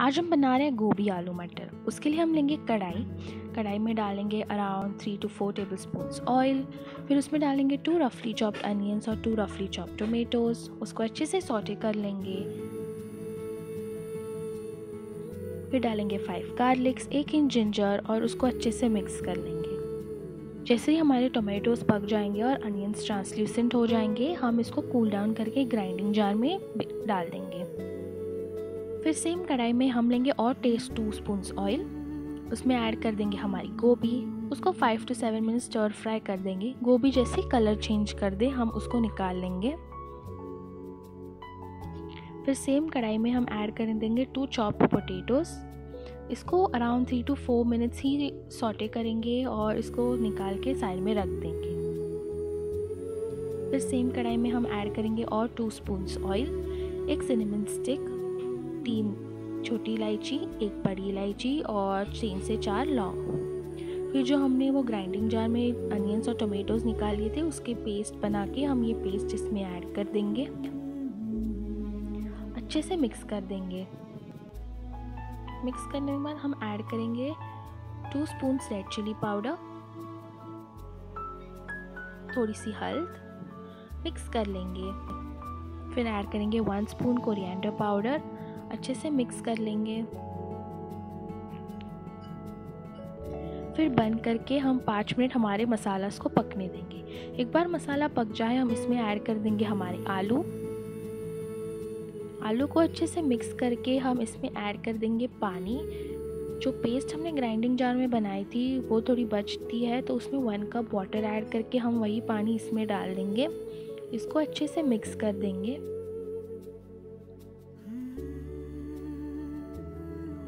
आज हम बना रहे हैं गोभी आलू मटर उसके लिए हम लेंगे कढ़ाई कढ़ाई में डालेंगे around three to four tablespoon oil फिर उसमें डालेंगे टू रफली चॉप्ड अनियंस और टू रफली चॉप्ड टोमेटोज़ उसको अच्छे से सॉटे कर लेंगे फिर डालेंगे फाइव गार्लिक्स एक इंच जिंजर और उसको अच्छे से मिक्स कर लेंगे जैसे ही हमारे टोमेटोज पक जाएंगे और अनियंस ट्रांसल्यूसेंट हो जाएंगे हम इसको कूल डाउन करके ग्राइंडिंग जार में डाल देंगे फिर सेम कढ़ाई में हम लेंगे और टेस्ट टू स्पून ऑयल उसमें ऐड कर देंगे हमारी गोभी उसको five to seven minutes stir fry कर देंगे गोभी जैसे कलर चेंज कर दे हम उसको निकाल लेंगे फिर सेम कढ़ाई में हम ऐड कर देंगे टू चॉप पोटेटोस इसको around three to four minutes ही सॉटे करेंगे और इसको निकाल के साइड में रख देंगे फिर सेम कढ़ाई में हम ऐड करेंगे और टू स्पून ऑयल एक सिनेमन स्टिक तीन छोटी इलायची एक बड़ी इलायची और तीन से चार लौंग फिर जो हमने वो ग्राइंडिंग जार में अनियंस और टोमेटोज़ निकाल लिए थे उसके पेस्ट बना के हम ये पेस्ट इसमें ऐड कर देंगे अच्छे से मिक्स कर देंगे मिक्स करने के बाद हम ऐड करेंगे two spoon red chilli powder थोड़ी सी हल्द मिक्स कर लेंगे फिर ऐड करेंगे वन स्पून कोरिएंडर पाउडर अच्छे से मिक्स कर लेंगे फिर बंद करके हम पाँच मिनट हमारे मसाला को पकने देंगे एक बार मसाला पक जाए हम इसमें ऐड कर देंगे हमारे आलू आलू को अच्छे से मिक्स करके हम इसमें ऐड कर देंगे पानी जो पेस्ट हमने ग्राइंडिंग जार में बनाई थी वो थोड़ी बचती है तो उसमें वन कप वाटर ऐड करके हम वही पानी इसमें डाल देंगे इसको अच्छे से मिक्स कर देंगे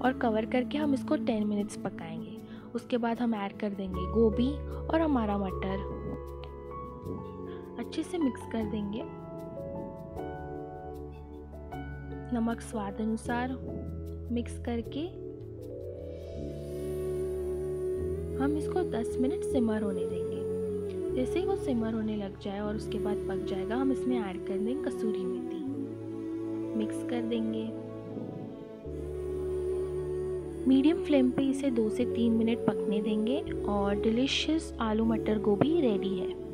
और कवर करके हम इसको टेन मिनट्स पकाएंगे उसके बाद हम ऐड कर देंगे गोभी और हमारा मटर अच्छे से मिक्स कर देंगे नमक स्वाद अनुसार मिक्स करके हम इसको 10 मिनट सिमर होने देंगे जैसे ही वो सिमर होने लग जाए और उसके बाद पक जाएगा हम इसमें ऐड कर देंगे कसूरी मेथी मिक्स कर देंगे मीडियम फ्लेम पे इसे दो से तीन मिनट पकने देंगे और डिलीशियस आलू मटर गोभी रेडी है